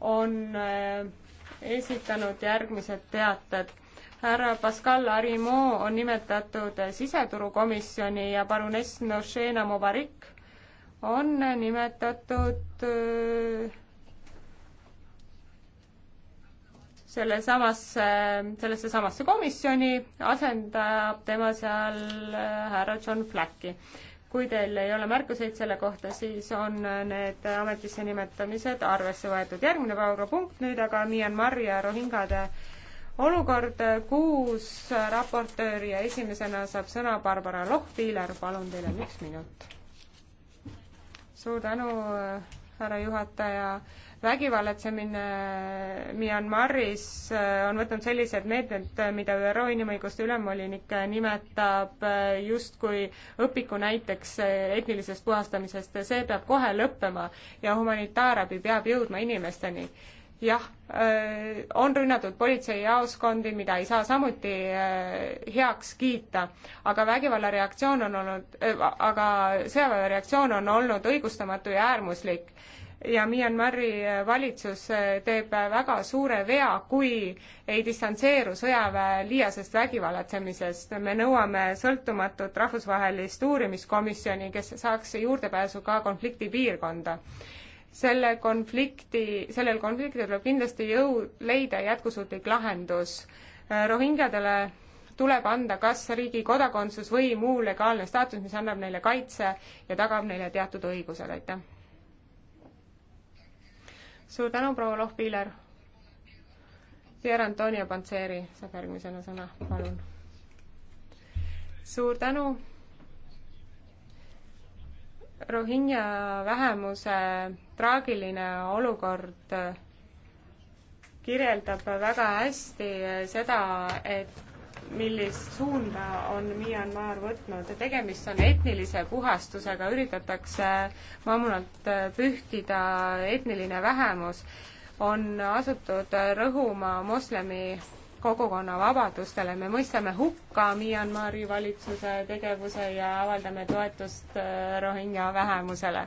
on äh, esitanud järgmised teated. härra Pascal Arimo on nimetatud äh, siseturukomisjoni ja paruness Nošena Mobarik on nimetatud äh, sellesamasse, sellesse samasse komisjoni, asendab tema seal härra John Flacki kui teil ei ole märkuseid selle kohta, siis on need ametisse nimetamised arvesse võetud. järgmine päevakorrapunkt nüüd aga Myanmar ja Rohingade olukord, kuus raportööri ja esimesena saab sõna Barbara Lohviiler, palun teile üks minut. suur tänu, härra juhataja vägivallatsemine äh, Myanmaris äh, on võtnud sellised meetmed, äh, mida ÜRO inimõiguste ülemvolinik nimetab justkui õpiku näiteks etnilisest puhastamisest. see peab kohe lõppema ja humanitaarabi peab jõudma inimesteni jah, on rünnatud politseijaoskondi, mida ei saa samuti heaks kiita, aga vägivalla reaktsioon on olnud, aga sõjaväe reaktsioon on olnud õigustamatu ja äärmuslik ja Myanmari valitsus teeb väga suure vea, kui ei distantseeru sõjaväe liiasest vägivallatsemisest. me nõuame sõltumatut rahvusvahelist uurimiskomisjoni, kes saaks juurdepääsu ka konfliktipiirkonda selle konflikti, sellel konfliktil tuleb kindlasti jõud, leida jätkusuutlik lahendus. Rohingjadele tuleb anda kas riigi kodakondsus või muu legaalne staatus, mis annab neile kaitse ja tagab neile teatud õigused, aitäh suur tänu, proua Lohpiiler. Pier Antonio Panseri saab järgmisena sõna, palun. suur tänu. Rohingja vähemuse traagiline olukord kirjeldab väga hästi seda, et millist suunda on Myanmar võtnud. tegemist on etnilise puhastusega, üritatakse mammunalt pühkida etniline vähemus, on asutud rõhuma moslemi kogukonna vabadustele. me mõistame hukka Myanmari valitsuse tegevuse ja avaldame toetust äh, Rohingja vähemusele.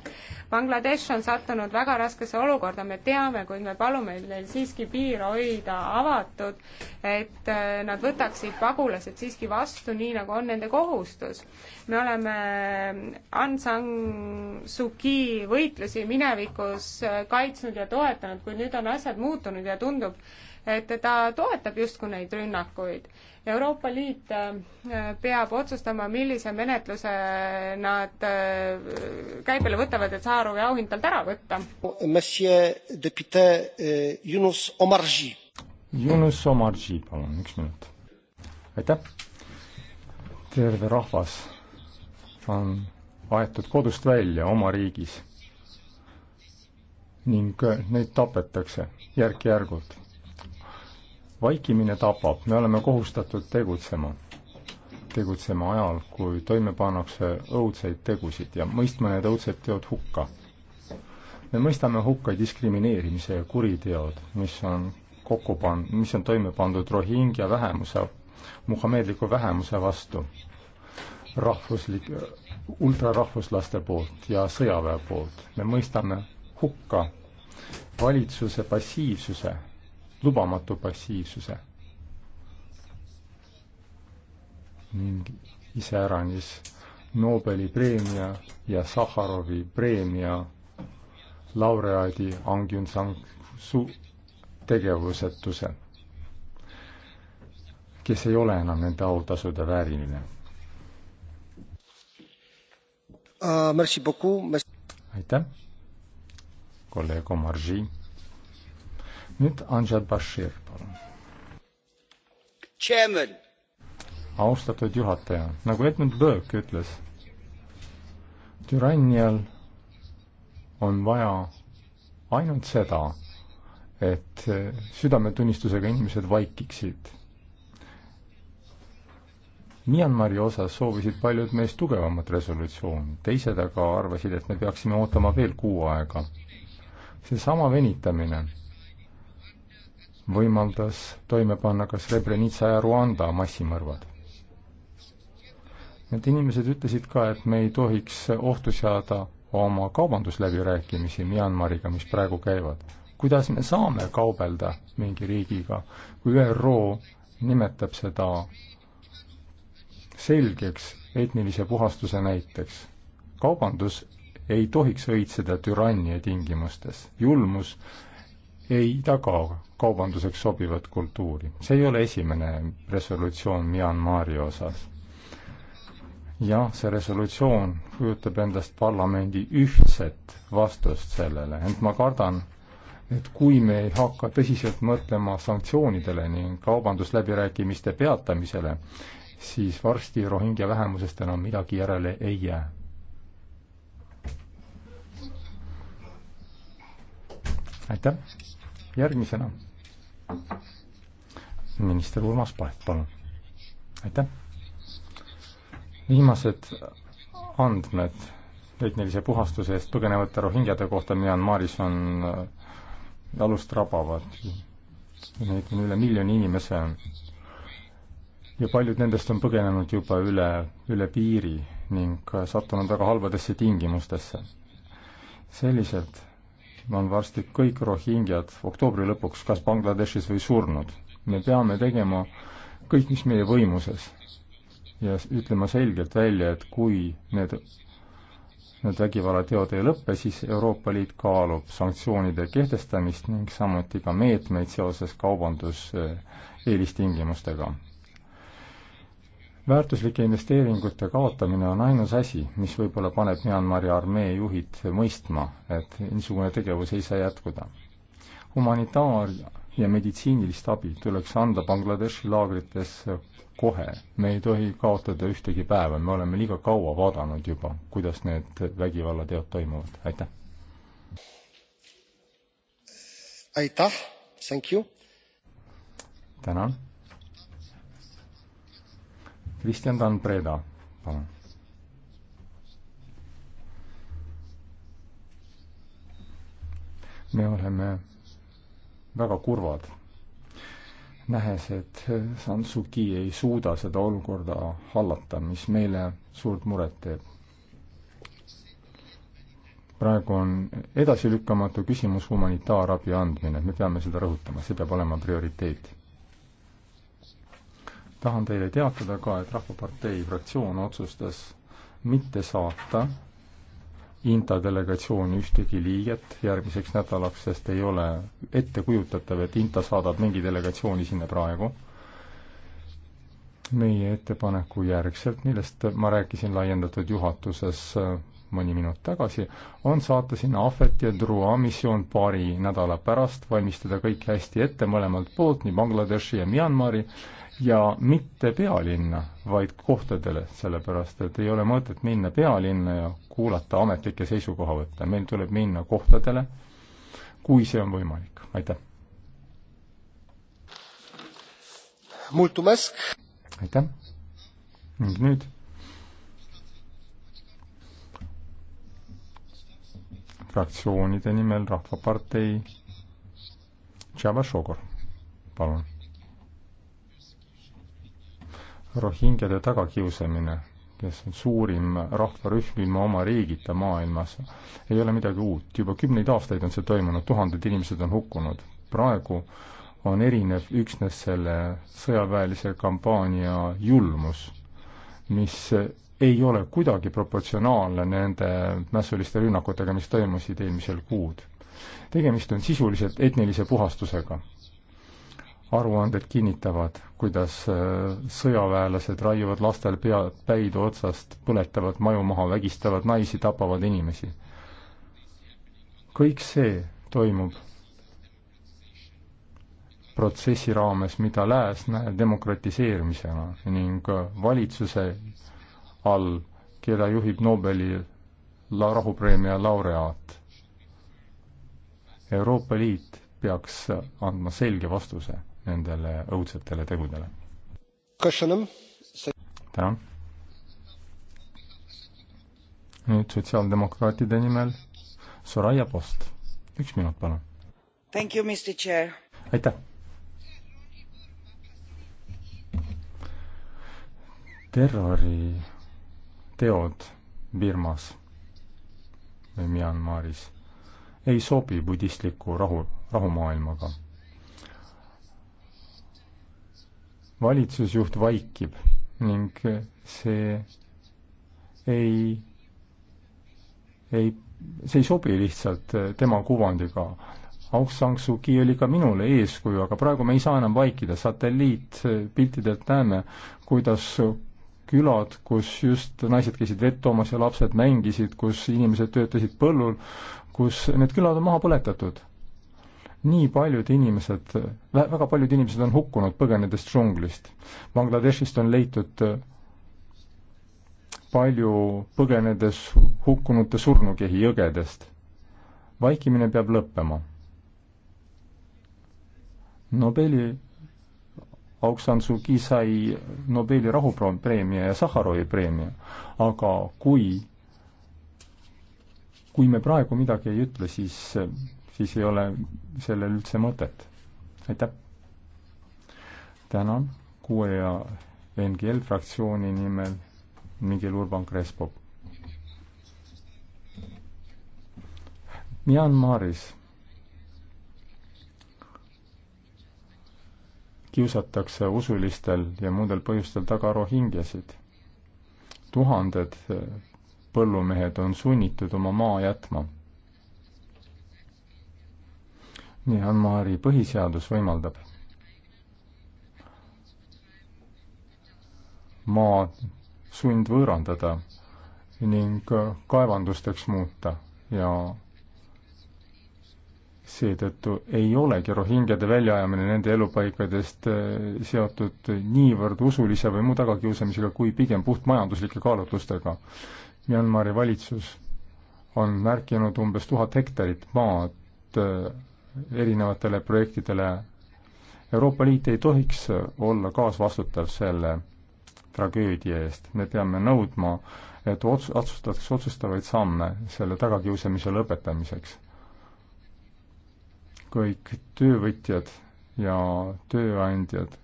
Bangladesh on sattunud väga raskesse olukorda, me teame, kuid me palume neil siiski piir hoida avatud, et äh, nad võtaksid pagulased siiski vastu, nii nagu on nende kohustus. me oleme äh, Aung San Suu Kyi võitlusi minevikus kaitsnud ja toetanud, kuid nüüd on asjad muutunud ja tundub, et ta toetab justkui neid rünnakuid. Euroopa Liit äh, peab otsustama, millise menetluse nad äh, käibele võtavad, et Saarovi auhind talt ära võtta. Äh, Yunus Omarji, Omarji, palun, üks minut. aitäh. terve rahvas on aetud kodust välja oma riigis ning neid tapetakse järk-järgult vaikimine tapab, me oleme kohustatud tegutsema. tegutsema ajal, kui toime pannakse õudseid tegusid ja mõistma need õudsed teod hukka. me mõistame hukka diskrimineerimise ja kuriteod, mis on kokku pan-, mis on toime pandud Rohingja vähemuse, muhameedliku vähemuse vastu, rahvuslik, ultrarahvuslaste poolt ja sõjaväe poolt. me mõistame hukka valitsuse passiivsuse lubamatu passiivsuse ning iseäranis Nobeli preemia ja Sahharovi preemia laureaadi Aung San Suu tegevusetuse, kes ei ole enam nende autasude vääriline uh,. aitäh, kolleeg Omar Žii nüüd Anžel Bashir, palun. austatud juhataja, nagu Edmund Burke ütles, türannial on vaja ainult seda, et südametunnistusega inimesed vaikiksid. Myanmari osas soovisid paljud meist tugevamat resolutsiooni, teised aga arvasid, et me peaksime ootama veel kuu aega. seesama venitamine võimaldas toime panna ka Srebrenica ja Rwanda massimõrvad. Need inimesed ütlesid ka, et me ei tohiks ohtu seada oma kaubandusläbirääkimisi Myanmariga, mis praegu käivad. kuidas me saame kaubelda mingi riigiga, kui ÜRO nimetab seda selgeks etnilise puhastuse näiteks. kaubandus ei tohiks õitseda türannia tingimustes, julmus ei taga kaubanduseks sobivat kultuuri. see ei ole esimene resolutsioon Myanmari osas. jah, see resolutsioon kujutab endast parlamendi ühtset vastust sellele, ent ma kardan, et kui me ei hakka tõsiselt mõtlema sanktsioonidele ning kaubandusläbirääkimiste peatamisele, siis varsti Rohingja vähemusest enam midagi järele ei jää. aitäh! järgmisena minister Urmas Paet, palun. aitäh. viimased andmed etnilise puhastuse eest põgenevate rohingjade kohta Myanmaris on jalust äh, rabavad. Neid on üle miljoni inimese. ja paljud nendest on põgenenud juba üle, üle piiri ning äh, sattunud väga halbadesse tingimustesse. selliselt on varsti kõik rohingjad oktoobri lõpuks kas Bangladeshis või surnud. me peame tegema kõik, mis meie võimuses ja ütlema selgelt välja, et kui need, need vägivallateod ei lõppe, siis Euroopa Liit kaalub sanktsioonide kehtestamist ning samuti ka meetmeid seoses kaubanduseelistingimustega väärtuslike investeeringute kaotamine on ainus asi, mis võib-olla paneb Myanmari armee juhid mõistma, et niisugune tegevus ei saa jätkuda. humanitaar- ja meditsiinilist abi tuleks anda Bangladeshi laagrites kohe. me ei tohi kaotada ühtegi päeva, me oleme liiga kaua vaadanud juba, kuidas need vägivallateod toimuvad, aitäh! aitäh, thank you! tänan! Kristjan Dan Preda, palun. me oleme väga kurvad, nähes, et Sansuki ei suuda seda olukorda hallata, mis meile suurt muret teeb. praegu on edasilükkamatu küsimus humanitaarabi andmine, me peame seda rõhutama, see peab olema prioriteet tahan teile teatada ka, et Rahvapartei fraktsioon otsustas mitte saata INTA delegatsiooni ühtegi liiget järgmiseks nädalaks, sest ei ole ettekujutatav, et INTA saadab mingi delegatsiooni sinna praegu. meie ettepaneku järgselt, millest ma rääkisin laiendatud juhatuses mõni minut tagasi, on saata sinna Ahvet ja Drua missioon paari nädala pärast, valmistada kõik hästi ette mõlemalt poolt, nii Bangladeshi ja Myanmari, ja mitte pealinna, vaid kohtadele, sellepärast et ei ole mõtet minna pealinna ja kuulata ametlikke seisukohavõtte, meil tuleb minna kohtadele, kui see on võimalik, aitäh. aitäh ning nüüd fraktsioonide nimel Rahvapartei Tšava Šogor, palun. Rohingjade tagakiusamine, kes on suurim rahvarühm ilma oma riigita maailmas, ei ole midagi uut. juba kümneid aastaid on see toimunud, tuhanded inimesed on hukkunud. praegu on erinev üksnes selle sõjaväelise kampaania julmus, mis ei ole kuidagi proportsionaalne nende mässuliste rünnakutega, mis toimusid eelmisel kuud. tegemist on sisuliselt etnilise puhastusega. aruanded kinnitavad, kuidas äh, sõjaväelased raiuvad lastel pead päid otsast, põletavad maju maha, vägistavad naisi, tapavad inimesi. kõik see toimub protsessi raames, mida lääs näeb demokratiseerimisena ning valitsuse all, keda juhib Nobeli la rahupreemia laureaat. Euroopa Liit peaks andma selge vastuse nendele õudsetele tegudele. tänan. nüüd sotsiaaldemokraatide nimel Soraya Post, üks minut, palun. aitäh. terrori teod Birmas või Myanmaris ei sobi budistliku rahu, rahumaailmaga. valitsusjuht vaikib ning see ei, ei, see ei sobi lihtsalt tema kuvandiga. Aung San Suu Kyi oli ka minule eeskuju, aga praegu me ei saa enam vaikida, satelliitpiltidelt näeme, kuidas külad, kus just naised käisid vett toomas ja lapsed mängisid, kus inimesed töötasid põllul, kus need külad on maha põletatud. nii paljud inimesed, väga paljud inimesed on hukkunud, põgenedes džunglist. Bangladeshist on leitud äh, palju põgenedes hukkunute surnukehi jõgedest. vaikimine peab lõppema. Nobeli Aung San Suu Kyi sai Nobeli rahupreemia ja Sahharovi preemia, aga kui, kui me praegu midagi ei ütle, siis, siis ei ole sellel üldse mõtet. aitäh! tänan kuue ja NGL fraktsiooni nimel Miguel Urban Crespo. Myanmaris kiusatakse usulistel ja muudel põhjustel taga rohingiasid. tuhanded eh, põllumehed on sunnitud oma maa jätma. Myanmari põhiseadus võimaldab maa sundvõõrandada ning kaevandusteks muuta ja seetõttu ei olegi rohingjade väljaajamine nende elupaikadest äh, seotud niivõrd usulise või muu tagakiusamisega, kui pigem puhtmajanduslike kaalutlustega. Myanmari valitsus on märkinud umbes tuhat hektarit maad äh, erinevatele projektidele. Euroopa Liit ei tohiks olla kaasvastutav selle tragöödia eest, me peame nõudma, et ots-, otsustatakse otsustavaid samme selle tagakiusamise lõpetamiseks kõik töövõtjad ja tööandjad,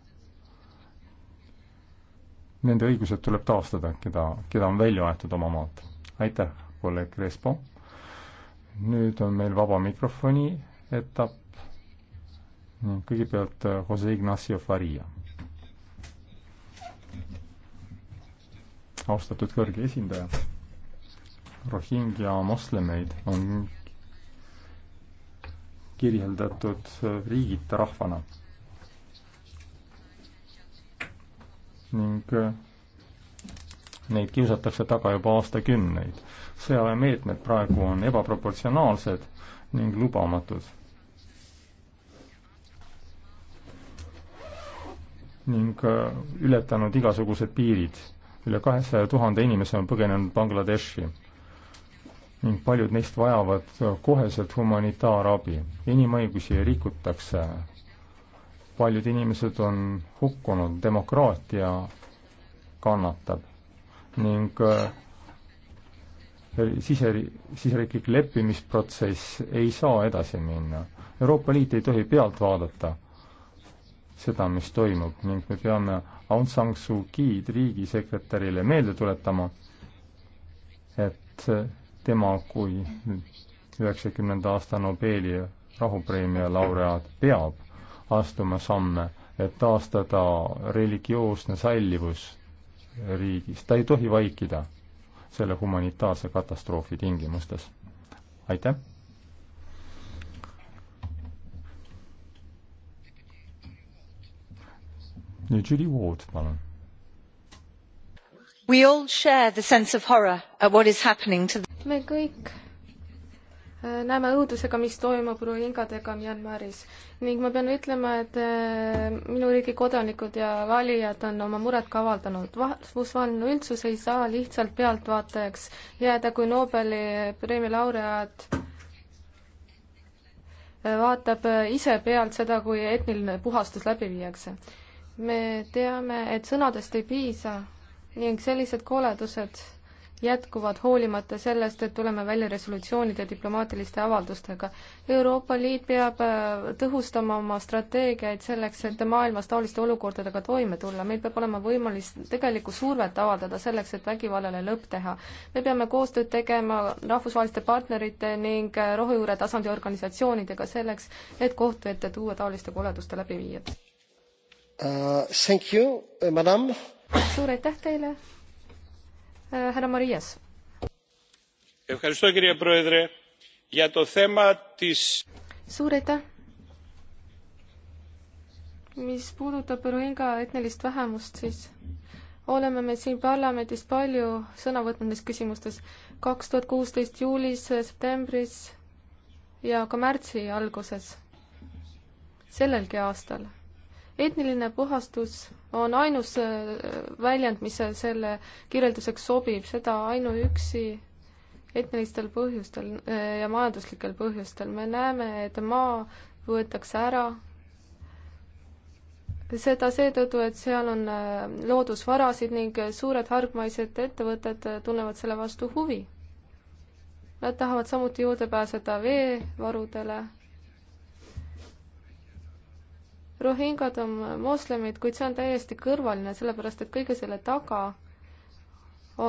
nende õigused tuleb taastada, keda, keda on välja aetud oma maalt. aitäh, kolleeg Respo. nüüd on meil vaba mikrofoni etapp. kõigepealt eh, Jose Ignacio Faria. austatud kõrge esindaja, Rohingja moslemeid on kirjeldatud riigita rahvana. ning äh, neid kiusatakse taga juba aastakümneid. sõjaväemeetmed praegu on ebaproportsionaalsed ning lubamatud. ning äh, ületanud igasugused piirid. üle kahesaja tuhande inimese on põgenenud Bangladeshi ning paljud neist vajavad koheselt humanitaarabi. inimõigusi rikutakse, paljud inimesed on hukkunud, demokraatia kannatab ning äh, sise, siseriiklik leppimisprotsess ei saa edasi minna. Euroopa Liit ei tohi pealt vaadata seda, mis toimub ning me peame Aung San Suu Kyi'd riigisekretärile meelde tuletama, et tema kui üheksakümnenda aasta Nobeli rahupreemia laureaat peab astuma samme, et taastada religioosne sallivus riigis, ta ei tohi vaikida selle humanitaarse katastroofi tingimustes. aitäh! nüüd Julie Ward, palun we all share the sense of horror at what is happening to me kõik äh, näeme õudusega, mis toimub rohingadega Myanmaris ning ma pean ütlema, et äh, minu riigi kodanikud ja valijad on oma muret ka avaldanud. rahvusvaheline üldsus ei saa lihtsalt pealtvaatajaks jääda, kui Nobeli preemia laureaat äh, vaatab ise pealt seda, kui etniline puhastus läbi viiakse. me teame, et sõnadest ei piisa ning sellised koledused jätkuvad hoolimata sellest, et tuleme välja resolutsioonide diplomaatiliste avaldustega. Euroopa Liit peab äh, tõhustama oma strateegiaid selleks, et maailmas taoliste olukordadega toime tulla. meil peab olema võimalus tegelikku survet avaldada selleks, et vägivallale lõpp teha. me peame koostööd tegema rahvusvaheliste partnerite ning äh, rohujuure tasandi organisatsioonidega selleks, et kohtu ette tuua taoliste koleduste läbiviijad uh,. Thank you, uh, madam. suur aitäh teile härra Marias. suur aitäh. mis puudutab Rohinga etnilist vähemust, siis oleme me siin parlamendis palju sõna võtnud neis küsimustes. kaks tuhat kuusteist juulis, septembris ja ka märtsi alguses, sellelgi aastal etniline puhastus on ainus äh, väljend, mis selle kirjelduseks sobib, seda ainuüksi etnilistel põhjustel äh, ja majanduslikel põhjustel. me näeme, et maa võetakse ära, seda seetõttu, et seal on äh, loodusvarasid ning suured hargmaised ettevõtted tunnevad selle vastu huvi. Nad tahavad samuti juurde pääseda veevarudele Rohingad on moslemid, kuid see on täiesti kõrvaline, sellepärast et kõige selle taga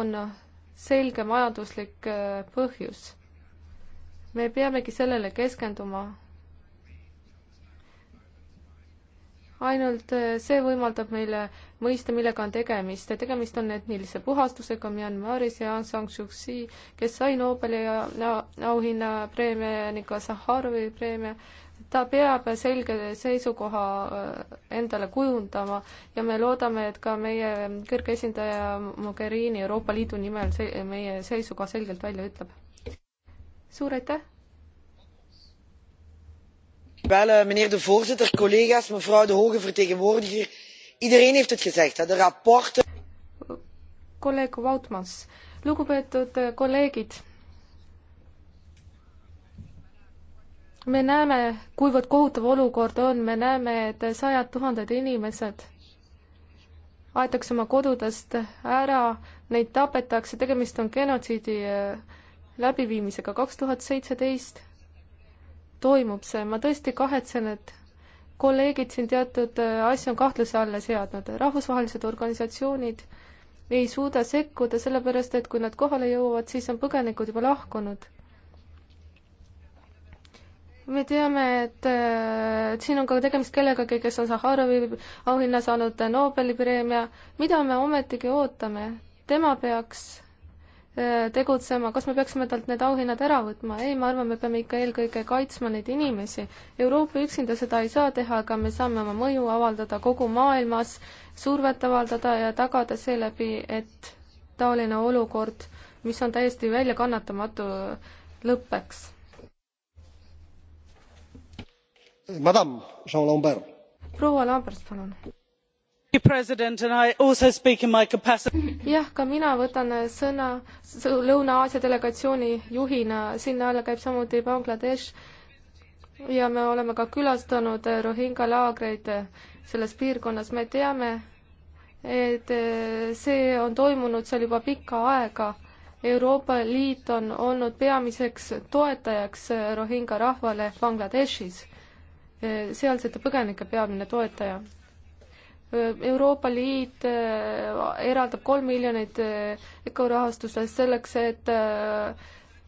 on selge majanduslik äh, põhjus. me peamegi sellele keskenduma. ainult äh, see võimaldab meile mõista, millega on tegemist ja tegemist on etnilise puhastusega Myanmaris ja Aung San Suu Kyi, kes sai Nobeli auhinna preemia ja ning ka Sahharovi preemia ta peab selge seisukoha äh, endale kujundama ja me loodame, et ka meie kõrge esindaja Mogherini Euroopa Liidu nimel see, meie seisukoha selgelt välja ütleb. suur aitäh! Eh, meneer de voorzitter collega's mevrouw de hoge vertegenwoordiger iedereen heeft het gezegd de verslagen. kolleeg wautmans lugupeetud eh, kolleegid me näeme, kuivõrd kohutav olukord on, me näeme, et sajad tuhanded inimesed aetakse oma kodudest ära, neid tapetakse, tegemist on genotsiidi äh, läbiviimisega. kaks tuhat seitseteist toimub see, ma tõesti kahetsen, et kolleegid siin teatud äh, asju on kahtluse alla seadnud. rahvusvahelised organisatsioonid ei suuda sekkuda, sellepärast et kui nad kohale jõuavad, siis on põgenikud juba lahkunud me teame, et äh, siin on ka tegemist kellegagi, kes on Sahharovi auhinna saanud äh, Nobeli preemia. mida me ometigi ootame? tema peaks äh, tegutsema, kas me peaksime talt need auhinnad ära võtma? ei, ma arvan, me peame ikka eelkõige kaitsma neid inimesi. Euroopa üksinda seda ei saa teha, aga me saame oma mõju avaldada kogu maailmas, survet avaldada ja tagada seeläbi, et taoline olukord, mis on täiesti väljakannatamatu, lõpeks proua lambert palun! jah ka mina võtan sõna lõuna aasia delegatsiooni juhina sinna alla käib samuti bangladesh ja me oleme ka külastanud rohingja laagreid selles piirkonnas me teame et see on toimunud seal juba pikka aega euroopa liit on olnud peamiseks toetajaks rohingja rahvale bangladeshis sealsete põgenike peamine toetaja. Euroopa Liit eh, eraldab kolm miljonit ökorahastusest eh, selleks, et eh,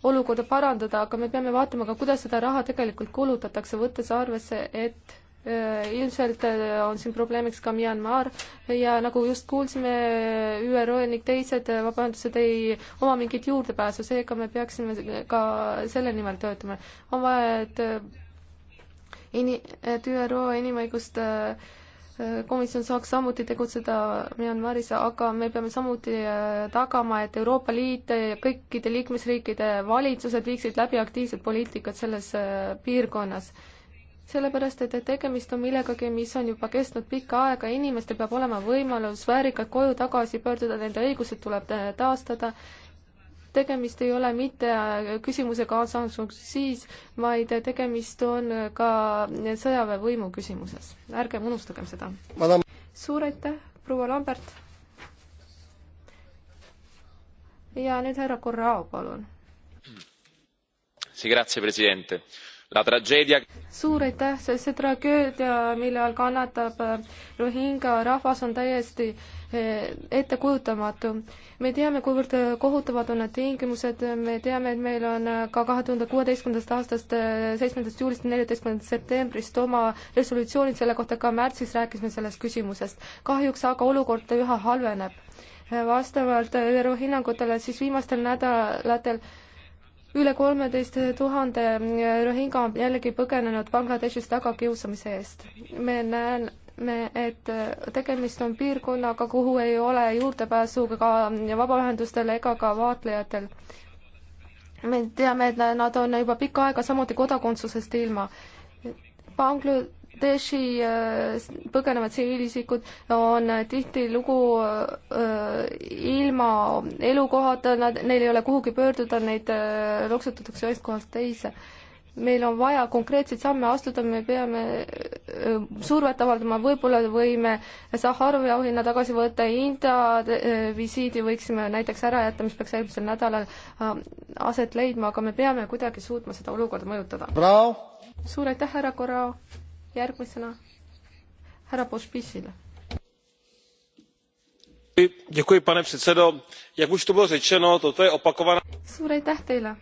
olukorda parandada, aga me peame vaatama ka, kuidas seda raha tegelikult kulutatakse, võttes arvesse, et ilmselt on siin probleemiks ka Myanmar ja nagu just kuulsime, ÜRO ning teised vabaühendused ei oma mingit juurdepääsu, seega me peaksime ka selle nimel töötama. on vaja, et Ini-, et ÜRO inimõiguste äh, komisjon saaks samuti tegutseda Myanmaris, aga me peame samuti äh, tagama, et Euroopa Liit ja kõikide liikmesriikide valitsused viiksid läbi aktiivset poliitikat selles äh, piirkonnas. sellepärast, et tegemist on millegagi, mis on juba kestnud pikka aega, inimestel peab olema võimalus väärikalt koju tagasi pöörduda, nende õigused tuleb taastada tegemist ei ole mitte küsimusega siis, vaid tegemist on ka sõjaväevõimu küsimuses. ärgem unustagem seda. suur aitäh, proua Lambert. ja nüüd härra Corrao, palun. Tragedia... suur aitäh, see tragöödia, mille all kannatab Rohingja rahvas, on täiesti äh, ettekujutamatu. me teame, kuivõrd kohutavad on need tingimused, me teame, et meil on ka kahe tuhande kuueteistkümnendast aastast, seitsmendast juulist ja neljateistkümnendast septembrist oma resolutsioonid selle kohta, ka märtsis rääkisime sellest küsimusest. kahjuks aga olukord üha halveneb. vastavalt ÜRO hinnangutele siis viimastel nädalatel üle kolmeteist tuhande rohinga on jällegi põgenenud Bangladeshis tagakiusamise eest. me näen me, et tegemist on piirkonnaga, kuhu ei ole juurdepääsu ka vabaühendustel ega ka vaatlejatel. me teame, et nad on juba pikka aega samuti kodakondsusest ilma. Bangladeshi äh, põgenevad tsiviilisikud on tihtilugu äh, ilma elukohata, nad, neil ei ole kuhugi pöörduda, neid äh, loksutatakse ühest kohast teise meil on vaja konkreetseid samme astuda, me peame survet avaldama, võib-olla võime Sahharovi auhinna tagasi võtta, India visiidi võiksime näiteks ära jätta, mis peaks eelmisel nädalal aset leidma, aga me peame kuidagi suutma seda olukorda mõjutada. suur aitäh, härra Korrao, järgmisena härra Pospišile. Děkuji, pane předsedo. Jak už tu bylo řečeno, toto je opakovaná... Suur aitäh teile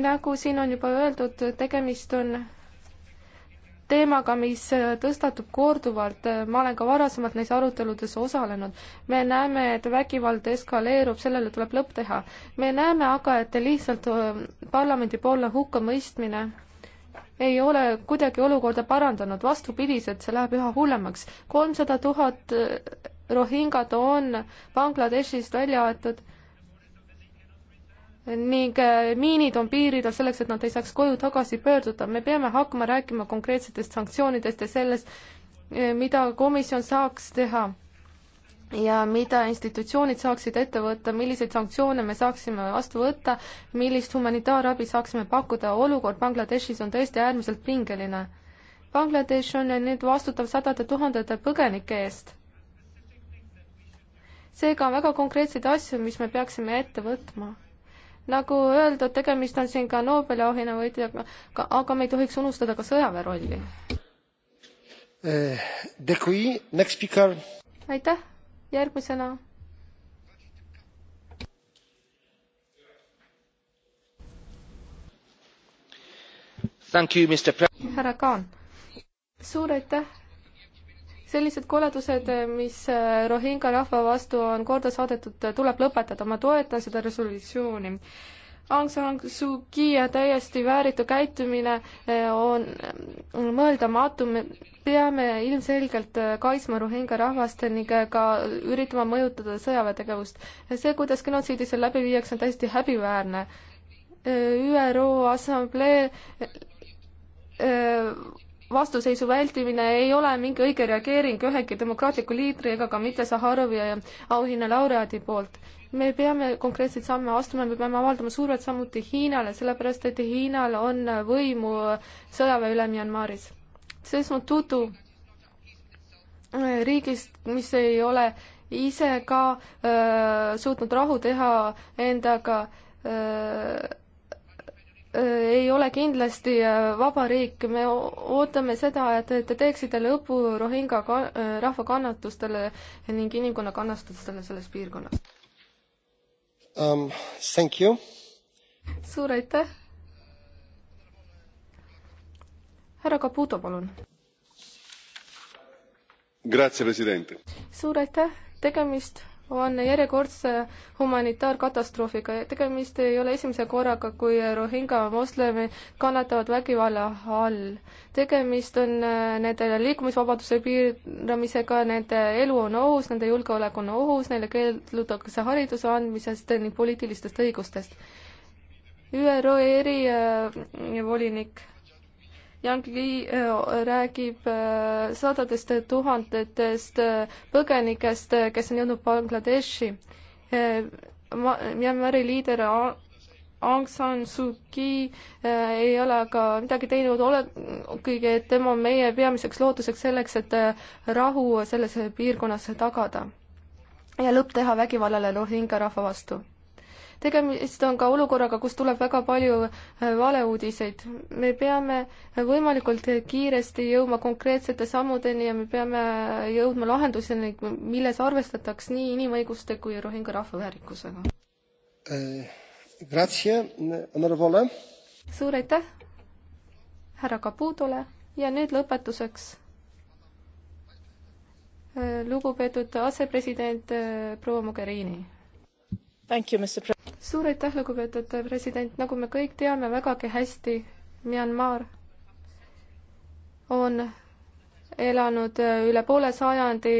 nagu siin on juba öeldud, tegemist on teemaga, mis tõstatub korduvalt, ma olen ka varasemalt neis aruteludes osalenud. me näeme, et vägivald eskaleerub, sellele tuleb lõpp teha. me näeme aga, et lihtsalt äh, parlamendi poolne hukkamõistmine ei ole kuidagi olukorda parandanud, vastupidiselt, see läheb üha hullemaks. kolmsada tuhat äh, rohingat on Bangladeshist välja aetud ning äh, miinid on piiridel selleks, et nad ei saaks koju tagasi pöörduda. me peame hakkama rääkima konkreetsetest sanktsioonidest ja sellest, äh, mida komisjon saaks teha ja mida institutsioonid saaksid ette võtta, milliseid sanktsioone me saaksime vastu võtta, millist humanitaarabi saaksime pakkuda. olukord Bangladeshis on tõesti äärmiselt pingeline. Bangladesh on nüüd vastutav sadade tuhandete põgenike eest. seega on väga konkreetseid asju, mis me peaksime ette võtma nagu öeldud, tegemist on siin ka Nobeli auhinna võitjaga, aga me ei tohiks unustada ka sõjaväe rolli. Eh, aitäh, järgmisena. härra Kaan, suur aitäh sellised koledused, mis äh, Rohinga rahva vastu on korda saadetud, tuleb lõpetada, ma toetan seda resolutsiooni. Aung San Suu Kyi täiesti vääritu käitumine äh, on mõeldamatu, me peame ilmselgelt äh, kaitsma Rohinga rahvast ning ka üritama mõjutada sõjaväetegevust. see, kuidas genotsiidi seal läbi viiakse, on täiesti häbiväärne. ÜRO Assamblee vastuseisu vältimine ei ole mingi õige reageering ühegi demokraatliku liidri ega ka mitte Saharovi auhinna laureaadi poolt. me peame konkreetseid samme astuma, me peame avaldama survet samuti Hiinale, sellepärast et Hiinal on võimu sõjaväe üle Myanmaris. Desmond Tutu riigist, mis ei ole ise ka öö, äh, suutnud rahu teha endaga öö, äh, ei ole kindlasti äh, vabariik, me ootame seda, et te teeksite lõpu Rohinga ka, äh, rahva kannatustele ning inimkonna kannatustele selles piirkonnas um,. Thank you. suur aitäh. härra Caputo, palun. Grazie, president. suur aitäh, tegemist on järjekordse humanitaarkatastroofiga. tegemist ei ole esimese korraga, kui Rohingja moslemi kannatavad vägivalla all. tegemist on äh, nende liikumisvabaduse piiramisega, nende elu on ohus, nende julgeolek on ohus, neile keeldutakse hariduse andmisest ning poliitilistest õigustest. ÜRO erivolinik äh, Yang Li eh, räägib eh, sadadest tuhandetest eh, põgenikest, kes on jõudnud Bangladeshi. Myanmari liider Aung San Suu Kyi ei ole aga midagi teinud, olekuigi, et tema on meie peamiseks lootuseks selleks, et rahu selles piirkonnas tagada ja lõpp teha vägivallale Rohingja rahva vastu tegemist on ka olukorraga, kus tuleb väga palju äh, valeuudiseid. me peame äh, võimalikult kiiresti jõudma konkreetsete sammudeni ja me peame äh, jõudma lahenduseni, milles arvestataks nii inimõiguste kui Rohinga rahvaväärikusega eh,. suur aitäh härra Kaputole ja nüüd lõpetuseks lugupeetud asepresident proua Mogherini suur aitäh, lugupeetud president, nagu me kõik teame vägagi hästi, Myanmar on elanud üle poole sajandi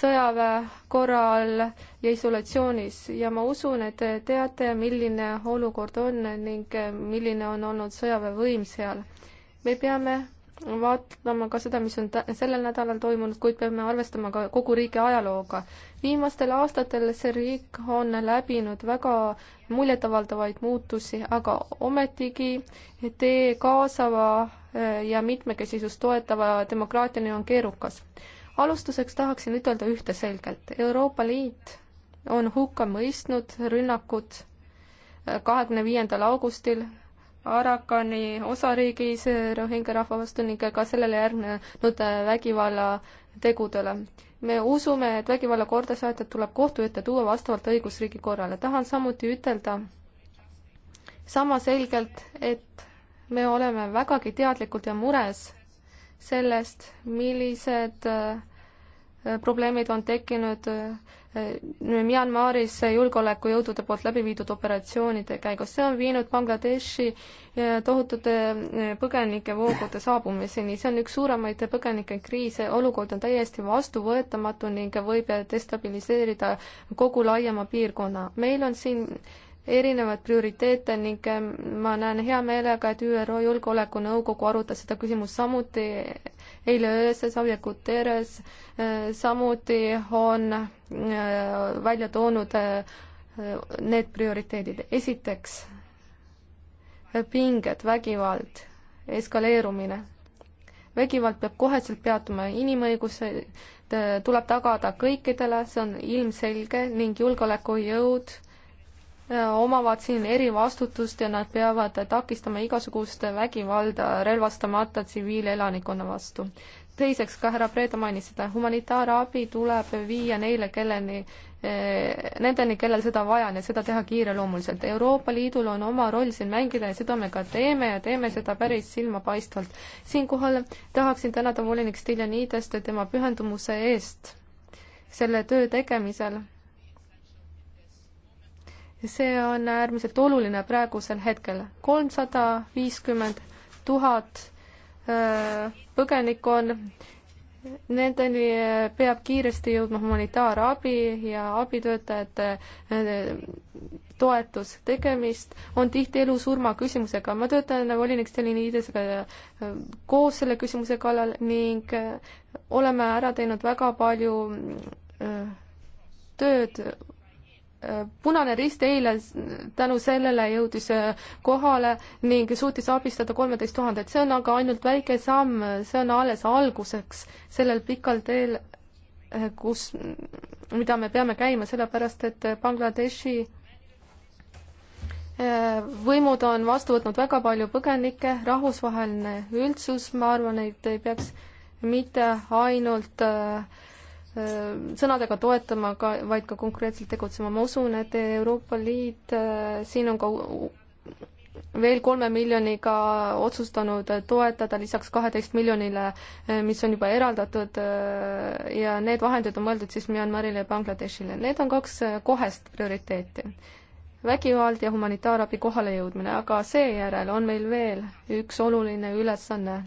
sõjaväe korral ja isolatsioonis ja ma usun, et te teate, milline olukord on ning milline on olnud sõjaväevõim seal. me peame vaatama ka seda, mis on sellel nädalal toimunud, kuid peame arvestama ka kogu riigi ajalooga. viimastel aastatel see riik on läbinud väga muljetavaldavaid muutusi, aga ometigi tee kaasava eh, ja mitmekesisust toetava demokraatiani on keerukas. alustuseks tahaksin ütelda ühte selgelt. Euroopa Liit on hukka mõistnud rünnakud eh, kahekümne viiendal augustil Arakani osariigis Rohingja rahva vastu ning ka sellele järgnenud vägivallategudele. me usume, et vägivalla kordasaatjad tuleb kohtu ette tuua vastavalt õigusriigi korrale. tahan samuti ütelda sama selgelt, et me oleme vägagi teadlikud ja mures sellest, millised äh, probleemid on tekkinud äh, Äh, Myanmaris julgeolekujõudude poolt läbi viidud operatsioonide käigus. see on viinud Bangladeshi äh, tohutute äh, põgenikevoogude saabumiseni. see on üks suuremaid põgenikekriise, olukord on täiesti vastuvõetamatu ning võib destabiliseerida kogu laiema piirkonna. meil on siin erinevaid prioriteete ning ma näen hea meelega, et ÜRO Julgeolekunõukogu arutas seda küsimust samuti eile öösel Savia Guterres äh, samuti on äh, välja toonud äh, need prioriteedid. esiteks, pinged, vägivald, eskaleerumine. vägivald peab koheselt peatuma, inimõigused tuleb tagada kõikidele, see on ilmselge ning julgeolekujõud Äh, omavad siin erivastutust ja nad peavad takistama igasugust vägivalda relvastamata tsiviilelanikkonna vastu. teiseks, ka härra Preeda mainis seda, humanitaarabi tuleb viia neile, kelleni, äh, nendeni, kellel seda vaja on ja seda teha kiireloomuliselt. Euroopa Liidul on oma roll siin mängida ja seda me ka teeme ja teeme seda päris silmapaistvalt. siinkohal tahaksin tänada volinik Stiljanidest tema pühendumuse eest selle töö tegemisel see on äärmiselt oluline praegusel hetkel. kolmsada viiskümmend tuhat äh, põgenikku on, nendeni äh, peab kiiresti jõudma humanitaarabi ja abitöötajate äh, toetus. tegemist on tihti elu-surma küsimusega. ma töötan volinik Steliniidesega koos selle küsimuse kallal ning oleme ära teinud väga palju tööd punane rist eile tänu sellele jõudis äh, kohale ning suutis abistada kolmeteist tuhandet, see on aga ainult väike samm, see on alles alguseks sellel pikal teel, äh, kus, mida me peame käima, sellepärast et äh, Bangladeshi võimud on vastu võtnud väga palju põgenikke, rahvusvaheline üldsus, ma arvan, et ei peaks mitte ainult äh, Äh, sõnadega toetama, aga vaid ka konkreetselt tegutsema. ma usun, et Euroopa Liit äh, siin on ka veel kolme miljoniga otsustanud toetada lisaks kaheteist miljonile, äh, mis on juba eraldatud ja need vahendid on mõeldud siis Myanmarile ja Bangladeshile. Need on kaks kohest prioriteeti. vägivald ja humanitaarabi kohalejõudmine, aga seejärel on meil veel üks oluline ülesanne.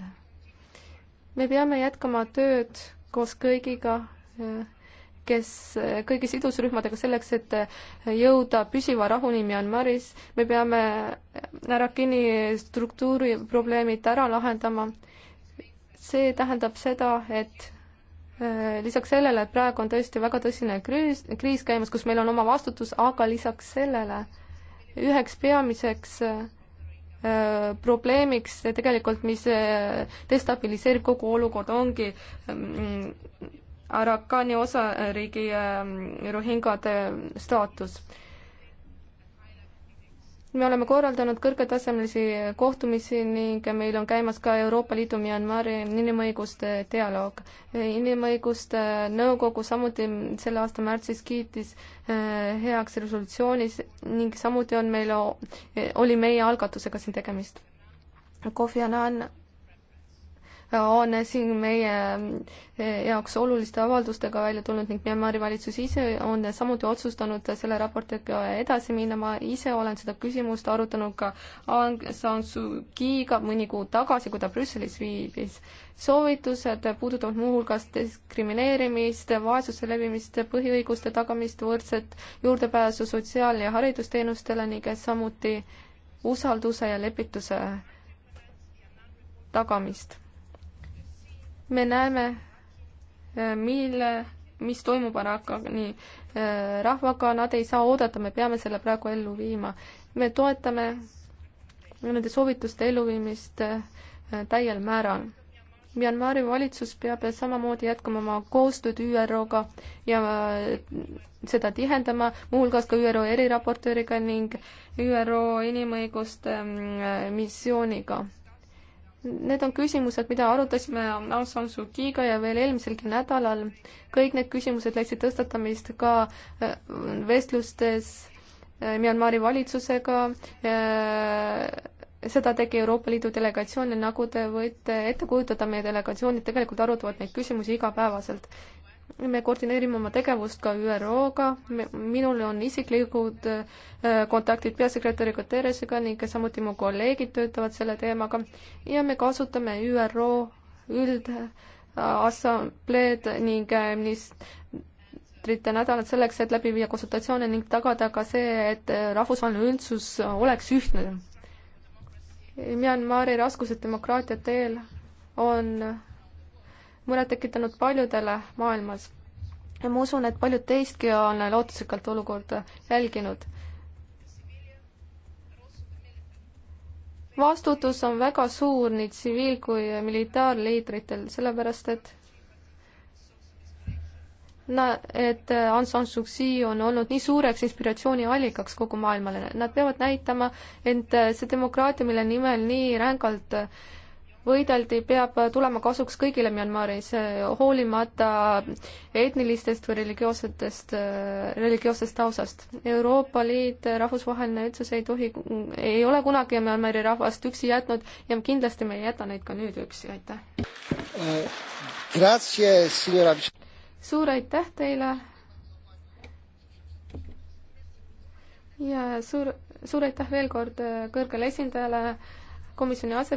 me peame jätkama tööd koos kõigiga, kes kõigi sidusrühmadega selleks, et jõuda püsiva rahuni Myanmaris, me peame Rakini struktuuriprobleemid ära lahendama. see tähendab seda, et äh, lisaks sellele, et praegu on tõesti väga tõsine kriis, kriis käimas, kus meil on oma vastutus, aga lisaks sellele üheks peamiseks äh, probleemiks tegelikult, mis äh, destabiliseerib kogu olukorda, ongi mm, Arakani osariigi äh, ähm, rohingade staatus. me oleme korraldanud kõrgetasemelisi kohtumisi ning meil on käimas ka Euroopa Liidu Myanmari inimõiguste dialoog. inimõiguste äh, nõukogu samuti selle aasta märtsis kiitis äh, heaks resolutsioonis ning samuti on meil, oli meie algatusega siin tegemist. Kofi Annan on siin meie eh, jaoks oluliste avaldustega välja tulnud ning Myanmari valitsus ise on samuti otsustanud selle raportiga edasi minna. ma ise olen seda küsimust arutanud ka Aung San Suu Kyi'ga mõni kuu tagasi, kui ta Brüsselis viibis. soovitused puudutavad muuhulgas diskrimineerimist, vaesuse levimist, põhiõiguste tagamist, võrdset juurdepääsu sotsiaal- ja haridusteenustele ning samuti usalduse ja lepituse tagamist me näeme, äh, mille, mis toimub Arakani äh, rahvaga, nad ei saa oodata, me peame selle praegu ellu viima. me toetame nende soovituste elluviimist äh, täiel määral. Myanmari valitsus peab samamoodi jätkama oma koostööd ÜRO-ga ja seda tihendama, muuhulgas ka ÜRO eriraportööriga ning ÜRO inimõiguste mm, missiooniga Need on küsimused, mida arutasime Aung San Suu Kyi'ga ja veel eelmiselgi nädalal. kõik need küsimused leidsid tõstatamist ka äh, vestlustes äh, Myanmari valitsusega. Äh, seda tegi Euroopa Liidu delegatsioon ja nagu te võite ette kujutada, meie delegatsioonid tegelikult arutavad neid küsimusi igapäevaselt me koordineerime oma tegevust ka ÜRO-ga, minul on isiklikud äh, kontaktid peasekretäri Guterresiga ning samuti mu kolleegid töötavad selle teemaga ja me kasutame ÜRO üldassambleed ning äh, ministrite nädalat selleks, et läbi viia konsultatsioone ning tagada ka see, et äh, rahvusvaheline üldsus oleks ühtne. Myanmari raskused demokraatia teel on muret tekitanud paljudele maailmas. ja ma usun, et paljud teistki on lootusekalt olukorda jälginud. vastutus on väga suur nii tsiviil- kui militaarliidritel, sellepärast et na-, et Aung San Suu Kyi on olnud nii suureks inspiratsiooniallikaks kogu maailmale, nad peavad näitama, et see demokraatia, mille nimel nii rängalt äh, võideldi, peab tulema kasuks kõigile Myanmaris, hoolimata etnilistest või religioossetest, religioossest taustast. Euroopa Liit, rahvusvaheline üldsus ei tohi, ei ole kunagi Myanmari rahvast üksi jätnud ja kindlasti me ei jäta neid ka nüüd üksi, aitäh eh,! suur aitäh teile ja suur, suur aitäh veel kord kõrgele esindajale, komisjoni ase-.